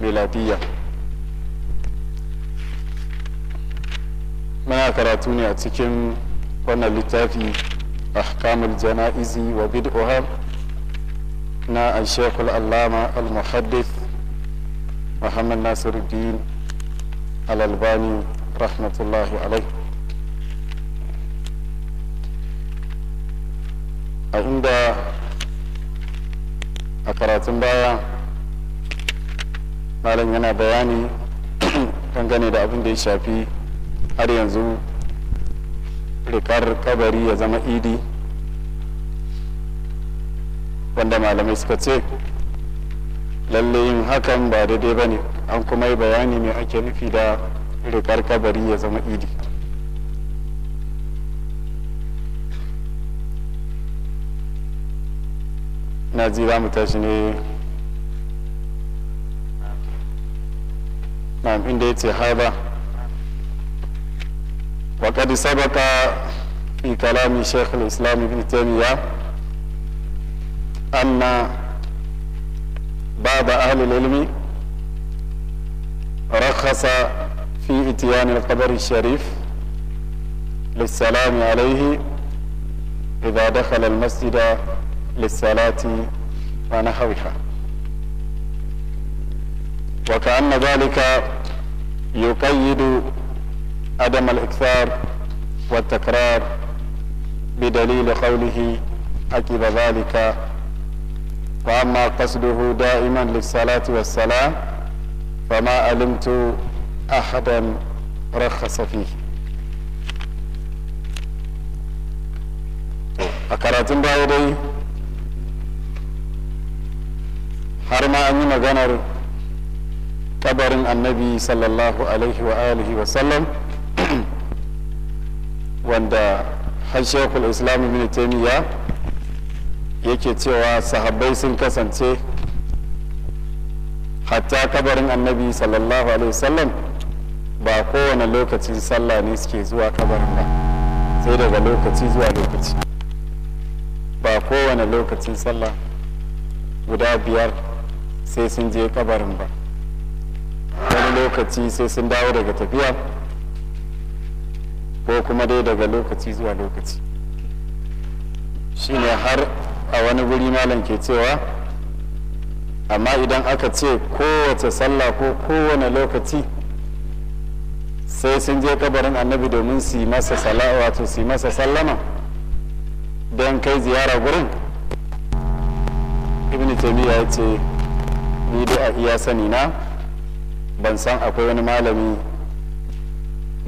miladiyya muna karatu ne a cikin wannan littafi ahkamul jana'izi wa bid'uha na al allama al-muhaddith muhammad nasiruddin al-albani rahmatullahi alaihi a inda a karatun baya malam yana bayani dangane da abin da ya shafi har yanzu rikar kabari ya zama idi wanda malamai suka ce lalle yin hakan ba daidai ba ne an kuma yi bayani mai ake nufi da rikar kabari ya zama idi na ji za mu tashi ne inda ya ce haza wa kadi sabaka fi kalami shaykh al-islam ibn taymiyyah anna بعض أهل العلم رخص في إتيان القبر الشريف للسلام عليه إذا دخل المسجد للصلاة ونحوها وكأن ذلك يقيد عدم الإكثار والتكرار بدليل قوله عقب ذلك وأما قصده دائما للصلاة والسلام فما علمت أحدا رخص فيه a بعيدي baya dai har ma an yi maganar kabarin annabi sallallahu alaihi wa alihi wa sallam wanda har islamu mini ibn taimiyya yake cewa sahabbai sun kasance hatta kabarin annabi sallallahu alaihi wa sallam ba kowane lokacin sallah ne suke zuwa kabarin ba sai daga lokaci zuwa lokaci ba kowane lokacin sallah guda biyar sai sun je kabarin ba wani lokaci sai sun dawo daga tafiya ko kuma dai daga lokaci zuwa lokaci shi ne har a wani guri malam ke cewa amma idan aka ce kowace sallah ko kowane lokaci sai sun je kabarin annabi domin su masa sala'a wato su masa sallama don kai ziyara gurin ibn taymiya ya ce ni dai a iya sani na ban san akwai wani malami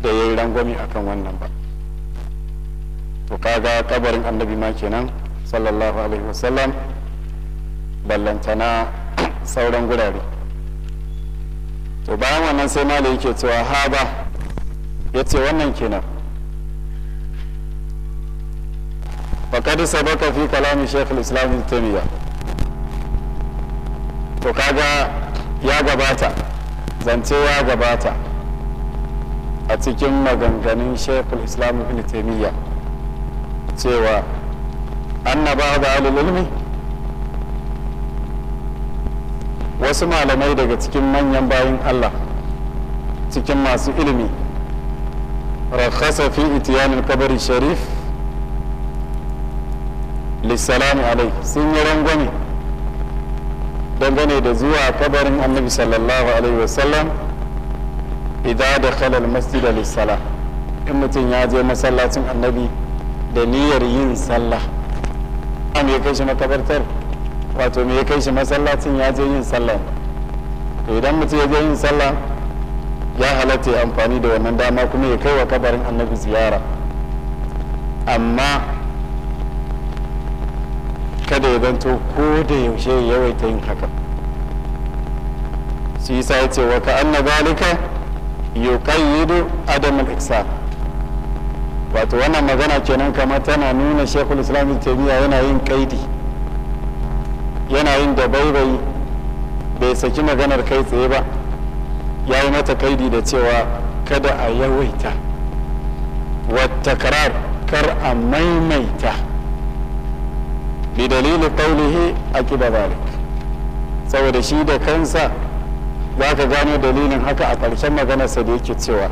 da ya yi rangwami akan wannan ba to kaga kabarin annabi ma kenan sallallahu alaihi wasallam ballantana sauran gurare to bayan wannan sai malami yake cewa ba ya ce wannan kenan ba sabaka fi kalamin shekul ta taimiyya to kaga ya gabata zance ya gabata a cikin maganganun shekul islam ibn taimiyya cewa annaba da ilmi wasu malamai daga cikin manyan bayan allah cikin masu ilimi rakhasa fi itiyanin kabari sharif lissalami alai sun yi rangwame dangane da zuwa kabarin annabi sallallahu alaihi wasallam idan da khalal masjid sala in mutum ya je masallacin annabi da niyyar yin sallah an ya kai shi makabartar wato me ya kai shi masallacin ya je yin sallah to idan mutum ya je yin sallah ya halatta amfani da wannan dama kuma ya kai wa kabarin annabi ziyara amma kada ya zanto ko da yaushe ya yawaita yin haka su yi sai ce wa ka anna zalika yuqayyidu adam al-iksan wato wannan magana kenan kamar tana nuna shekul islam tabiya yana yin kaidi yana yin da baibai bai saki maganar kai tsaye ba ya yi mata kaidi da cewa kada a yawaita wata karar kar a maimaita bi dalilin qawlihi aqida zalik saboda shi da kansa za ka gano dalilin haka a ƙarshen maganarsa da yake cewa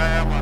Великая война.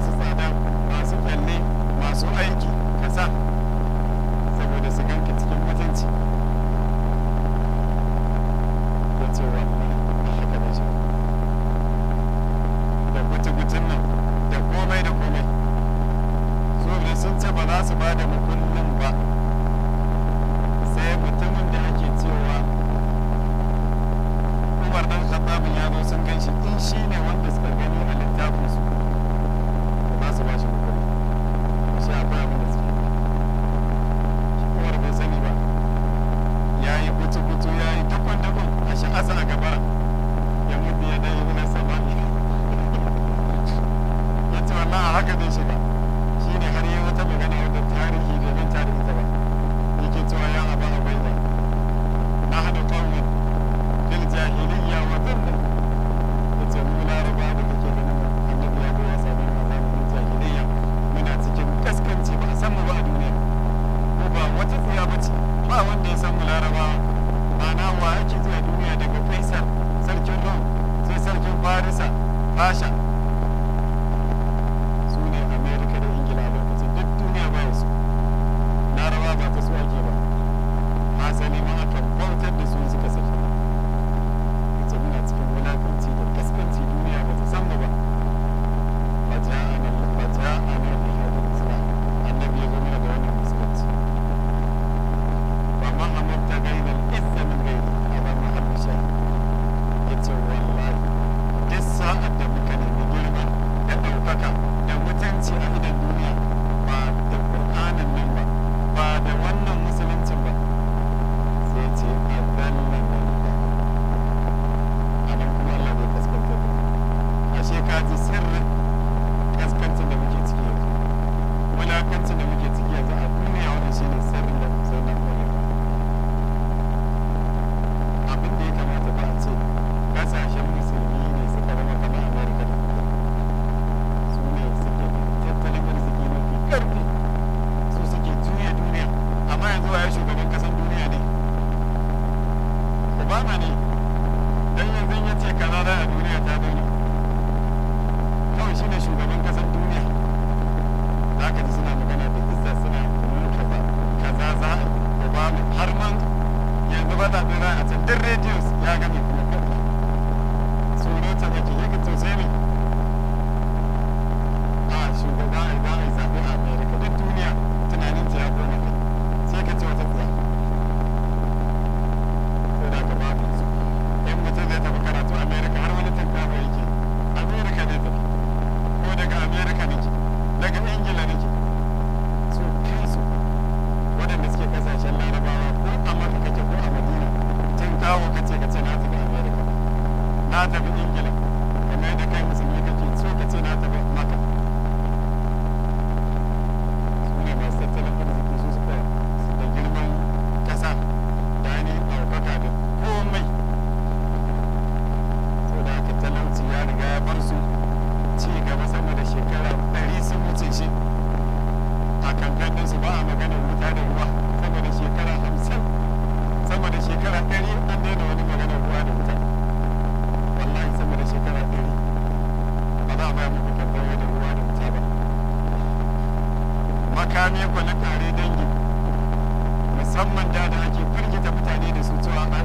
musamman da da ake firgita mutane da su cewa ba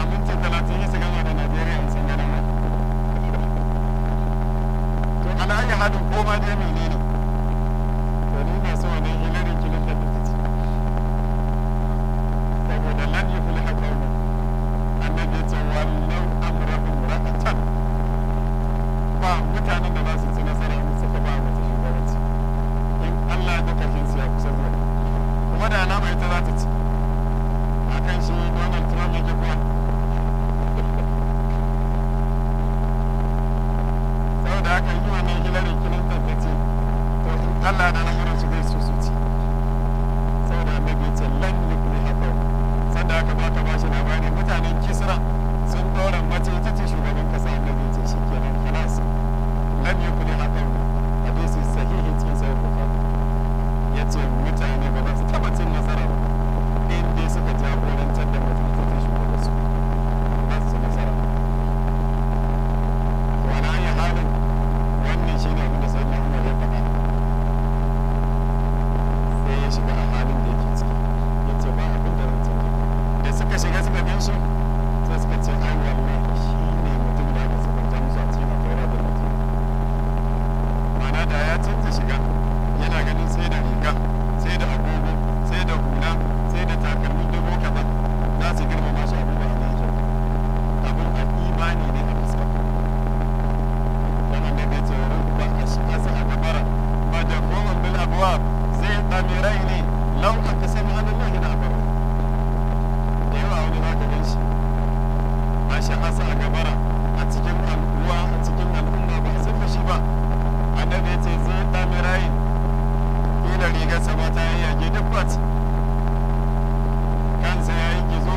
a mintin talatin yi su gama da najeriya a sun ba to ana yi hadin koma da mai tabbas kansa ya yi gizo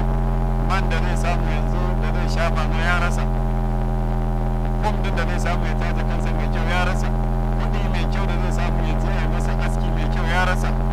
man da zai samu yanzu da zai shafa na ya rasa kum da zai samu ya tace kansa mai kyau ya rasa kuɗi mai kyau da zai samu yanzu ya yi masa aski mai kyau ya rasa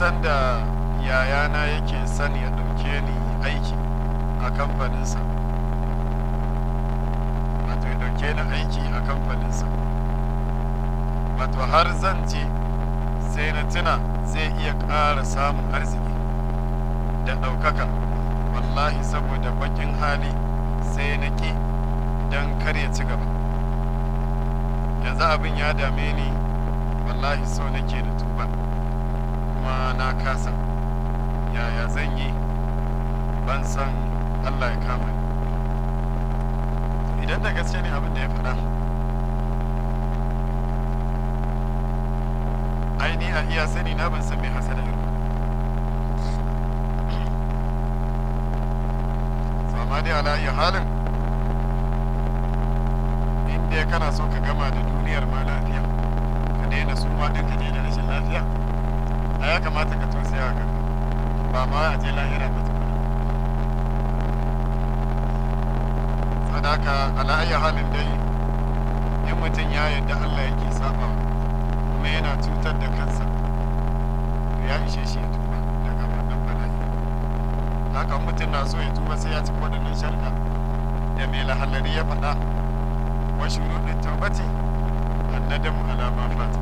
sanda yayana yake son ya ɗauke ni aiki a kamfaninsa wato ya ni aiki a kamfaninsa wato har zan je sai na tuna zai iya ƙara samun arziki da ɗaukaka wallahi saboda bakin hali sai na ƙi don kar ya ci gaba yanzu abin ya dame ni wallahi so nake da tuba kuma na kasa yaya zan yi ban san allah ya kama ni idan da gaske ne abin da ya faɗa aini a iya sani na ban san mai da ba amma dai ala iya halin inda kana so ka gama da duniyar ma lafiya ka daina suma ɗin ka daina rashin lafiya a ya kamata ka tausaya ga ba ma a je lahira ba tukuna saboda haka ala ayyi halin dai in mutum ya yarda Allah yake saba kuma yana cutar da kansa ya ishe shi ya tuba daga wannan bala'i haka mutum na so ya tuba sai ya ci waɗannan sharka da mai lahalari ya faɗa wa shuruɗin taubati annadamu alama fata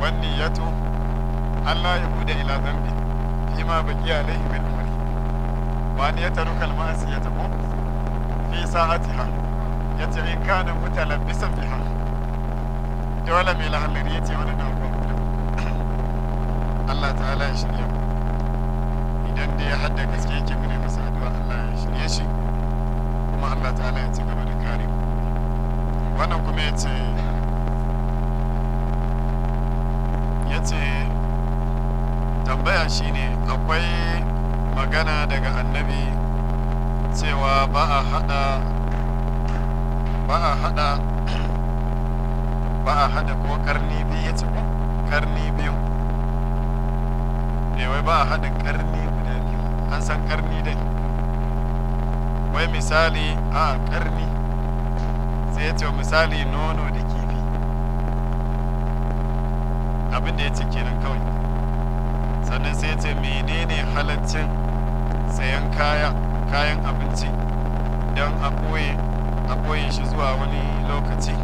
wani ya tuba Allah ya bude ila zambi fi ma baki alaihi bil umri wa an ya taruka al ma'asiyata ko fi sa'atiha yace in kana mutalabbisan ha. dole mai lahalari yace wani da ko Allah ta'ala ya shirye mu idan da ya hadda gaske yake mu ne masa addu'a Allah ya shirye shi kuma Allah ta'ala ya ci gaba da kare mu wannan kuma yace yace tambaya shine akwai magana daga annabi cewa ba a hada ba a hada ba a hada ko karni biyu ya ce karni biyu eh, wai ba a hada karni guda biyu an san karni dai wai misali a karni sai ya ce misali nono da kifi abinda ya ce kenan kawai sannan sai ce menene halaccin sayan kaya kayan abinci don a ɓoye a ɓoye shi zuwa wani lokaci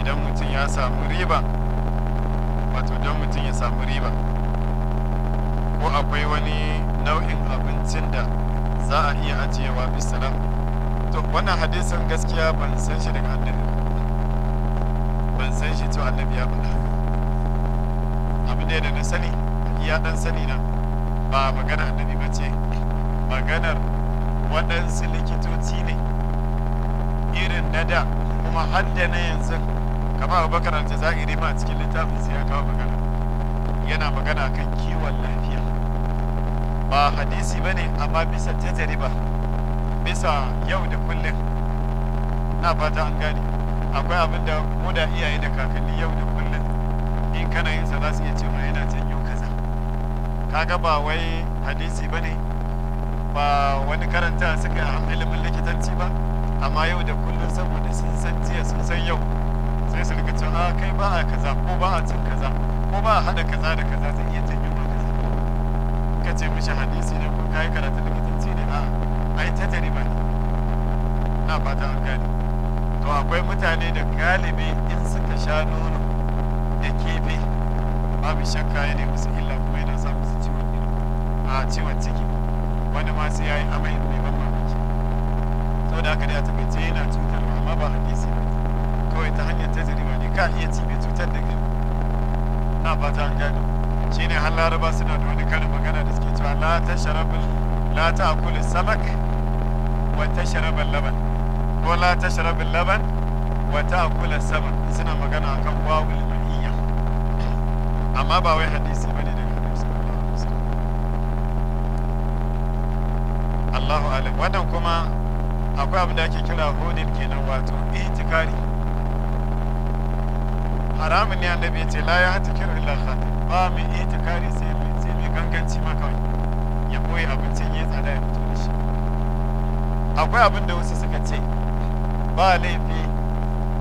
idan mutum ya samu riba wato don mutum ya samu riba ko akwai wani nau'in abincin da za a iya ajiyewa bisalam to wannan hadisin gaskiya ban san shi daga annabi ban san shi to annabi ya faɗa abin da na sani ya dan sani na ba magana annabi ba ce maganar waɗansu likitoci ne irin na da kuma hadda na yanzu kama abubakar aljazairi ma cikin littafin sai ya kawo magana yana magana kan kiwon lafiya ba hadisi ba ne amma bisa tajariba bisa yau da kullum na fata an gane akwai abin da mu da iyaye da kakanni yau da kullum in kana yin sa za su iya cewa yana cikin kaga ba wai hadisi ba ne ba wani karanta suka a ilimin likitanci ba amma yau da kullum saboda sun san jiya sun san yau sai su rika cewa ah, kai ba a kaza ko ba a cin kaza ko ba a hada kaza da kaza zai iya janyo ba kaza ka ce mishi hadisi ne ko kai karatu likitanci ne a yi ta jariba ne na fata an gani to akwai mutane da galibi in suka sha nono da kifi babu shakka ya ne musu illa a ciwon ciki wani ma sai ya yi amai mai ban mamaki da ya ce yana amma ba hadisi ba kawai ta hanyar ne ka iya cutar da na fata an gano shi ne har laraba suna da wani karin magana da suke cewa la ta sharabin la ta samak wa ta sharabin laban ko la ta sharabin laban wa ta samak suna magana akan wawul ma'iyya amma ba wai hadisi ba ne malam wannan kuma akwai abin da ake kira hodin kenan wato itikari haramun ne annabi ce la ya hata kira illa khata ba mai itikari sai mai sai mai ganganci ma ya boye abincin ya tsada ya fito da shi akwai abin da wasu suka ce ba laifi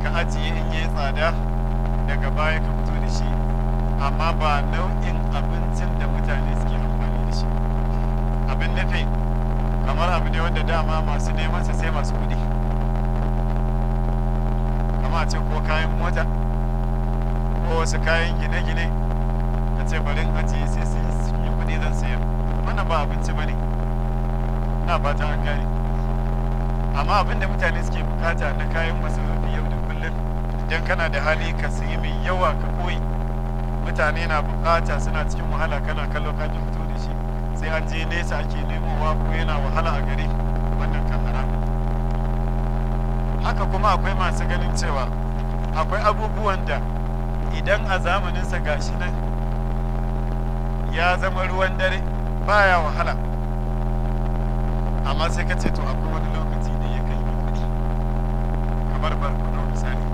ka ajiye in yi tsada daga baya ka fito da shi amma ba nau'in abincin da mutane suke amfani da shi abin nufin kamar abu ne wanda dama masu neman sa sai masu kuɗi Kamar ce ko kayan mota ko wasu kayan gine-gine a ce bari a ce sai sun yi kudi zan sayar wannan ba abinci ba ne na fata an gane amma abin da mutane suke bukata na kayan masarufi yau da kullum idan kana da hali ka sayi mai yawa ka koyi mutane na bukata suna cikin wahala kana kallo ka fito da shi sai an je nesa ake kowa ko yana wahala a gari wannan kan haramu haka kuma akwai masu ganin cewa akwai abubuwan da idan a zamaninsa gashi nan ya zama ruwan dare baya wahala amma sai ka ce to akwai wani lokaci da ya kai kuɗi kamar barkono misali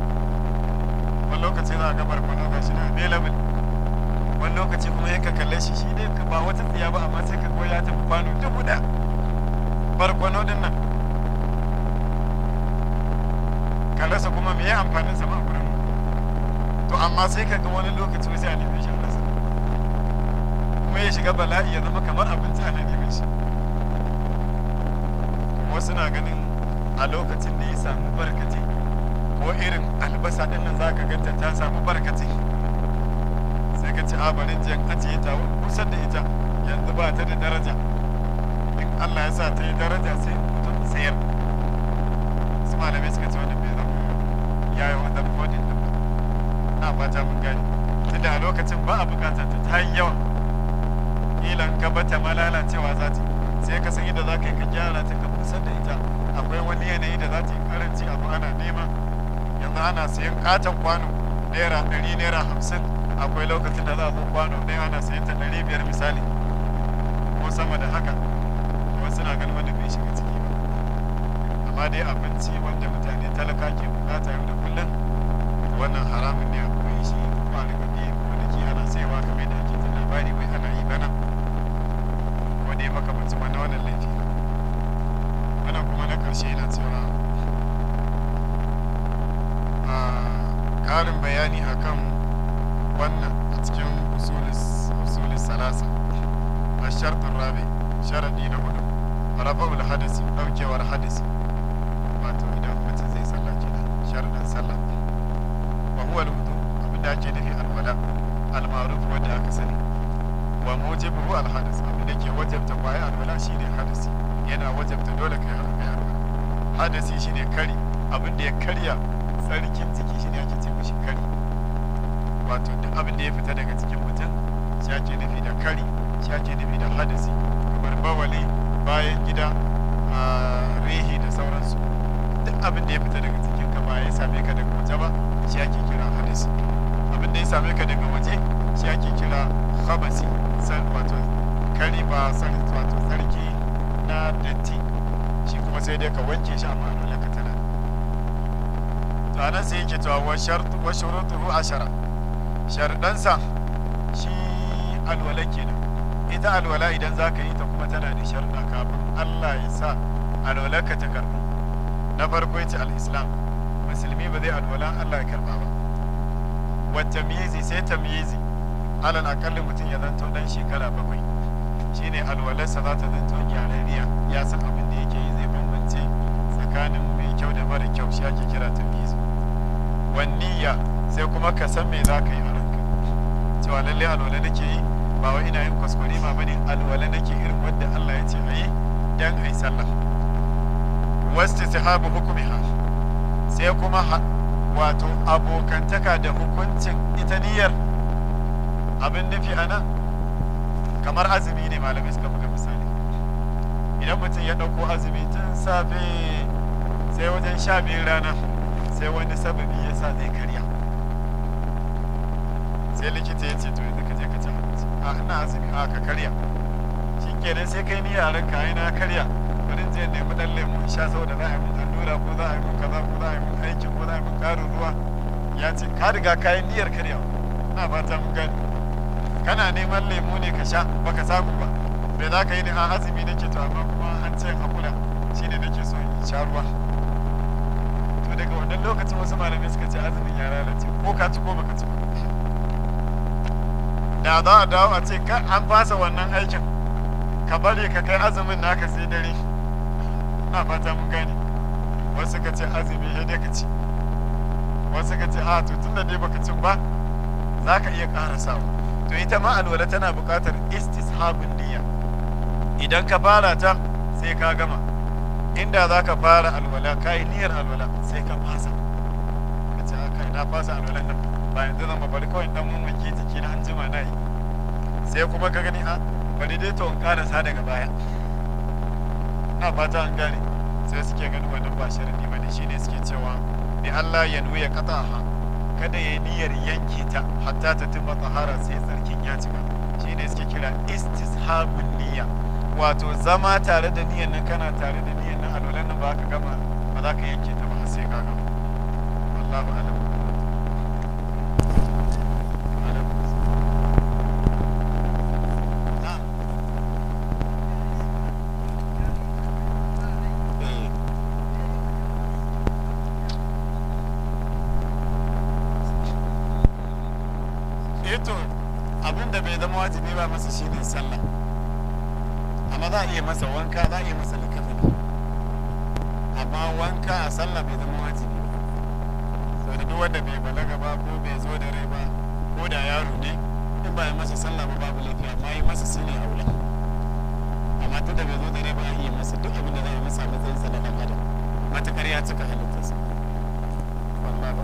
wani lokaci za a ga barkono gashi nan available wani lokaci kuma ya kalle shi shi ne ba wata tsiya ba amma sai ka koya ta kwano dubu da barkwano din nan ka rasa kuma me ya amfanin sa ba gurin to amma sai ka ga wani lokaci wasu a nemi shi a kuma ya shiga bala'i ya zama kamar abinci a nemi shi wasu na ganin a lokacin da ya samu barkati ko irin albasa din nan za ka ganta ta samu barkati ka ce a bari jiyan ajiye ta kusan da ita yanzu ba ta da daraja in Allah ya sa ta yi daraja sai mutum sayar su malamai suka ce wani bai zama ya yi wadar kodin din na fata mun gani tunda da lokacin ba a bukata ta ta yi yawa ilan ka bata ma lalacewa za ta sai ka san yadda za ka yi ka gyara ta ka kusan da ita akwai wani yanayi da za ta yi karanci abu ana nema yanzu ana sayan katon kwano naira ɗari naira hamsin akwai lokacin da za a kwano ɗaya ana sayan ta ɗari biyar misali ko sama da haka kuma na ganin wanda bai shiga ciki ba amma dai abinci wanda mutane talaka ke bukata yau da kullum wannan haramun ne a dole ka yi hadasi ne kari abin ya karya tsarkin jiki ne ake ce mishi kari wato duk abin ya fita daga cikin mutum shi ake nufi da kari shi ake nufi da hadasi kamar bawali bayan gida a rehi da sauransu duk abin ya fita daga cikin ka ba ya same ka daga waje ba shi ake kira hadasi abin ya same ka daga waje shi ake kira habasi wato kari ba wato na datti kuma sai dai ka wanke shi amma dole ka tana to anan sai yake cewa wa shartu wa shurutuhu ashara shardan sa shi alwala kenan ita alwala idan za ka yi ta kuma tana da sharda kafin Allah ya sa alwala ka ta karbu na farko yace al-islam musulmi ba zai alwala Allah ya karɓa ba wa tamyizi sai ta tamyizi alal akalli mutum ya zanto dan shekara bakwai shine alwalarsa za ta zanto gyararriya ya san abin da yake yi tsakanin mai kyau da mara kyau shi ake kira tamyiz wanniya sai kuma ka san me za ka yi a ranka cewa lalle alwala nake yi ba wai ina yin kuskure ma bane alwala nake irin wanda Allah ya ce a yi dan a ai sallah wastihabu ha. sai kuma wato abokantaka da hukuncin ita niyyar abin nufi a nan kamar azumi ne malamai suka buga misali idan mutum ya ɗauko azumi tun safe sai wajen sha biyun rana sai wani sababi ya sa zai karya sai likita ya ce to yanzu ka je ka ci abinci a ina azumi a ka karya shi kenan sai kai ni yaran ka na karya wurin je nemi dan lemu sha saboda za a yi mun allura ko za a yi mun kaza ko za a yi mun aikin ko za a yi mun karin ruwa ya ce ka riga ka yi niyyar karya ina fata mun gani kana neman lemu ne ka sha baka samu ba me za ka yi ne a azumi nake to amma kuma an ce hakura shine nake so in sha ruwa to daga wannan lokacin wasu malamai suka ce azumin ya lalace ko ka ci ko baka ci da za a dawo a ce ka an fasa wannan aikin ka bari ka kai azumin naka sai dare na fata mun gane wasu suka ce azumi ya dai ka ci wasu suka ce a to tun da dai baka ci ba za ka iya ƙara sawa to ita ma alwala tana buƙatar istishabun niyya idan ka fara ta sai ka gama inda za ka fara alwala ka yi niyyar alwala sai ka fasa ka ce aka na fasa alwala nan ba yanzu zan ba bari kawai dan wanke jiki na an na yi sai kuma ka gani a bari dai to in karasa daga baya na fata an gane sai suke ganin wannan ba sharadi ba ne shine suke cewa ni Allah ya nuya ha kada ya yi niyyar yanke ta hatta ta tuba tahara sai tsarkin ya cika shine suke kira istishabun niyya wato zama tare da niyyar nan kana tare da ba ka gama ba za ka yanke ta ba sai ka gama wallahu alam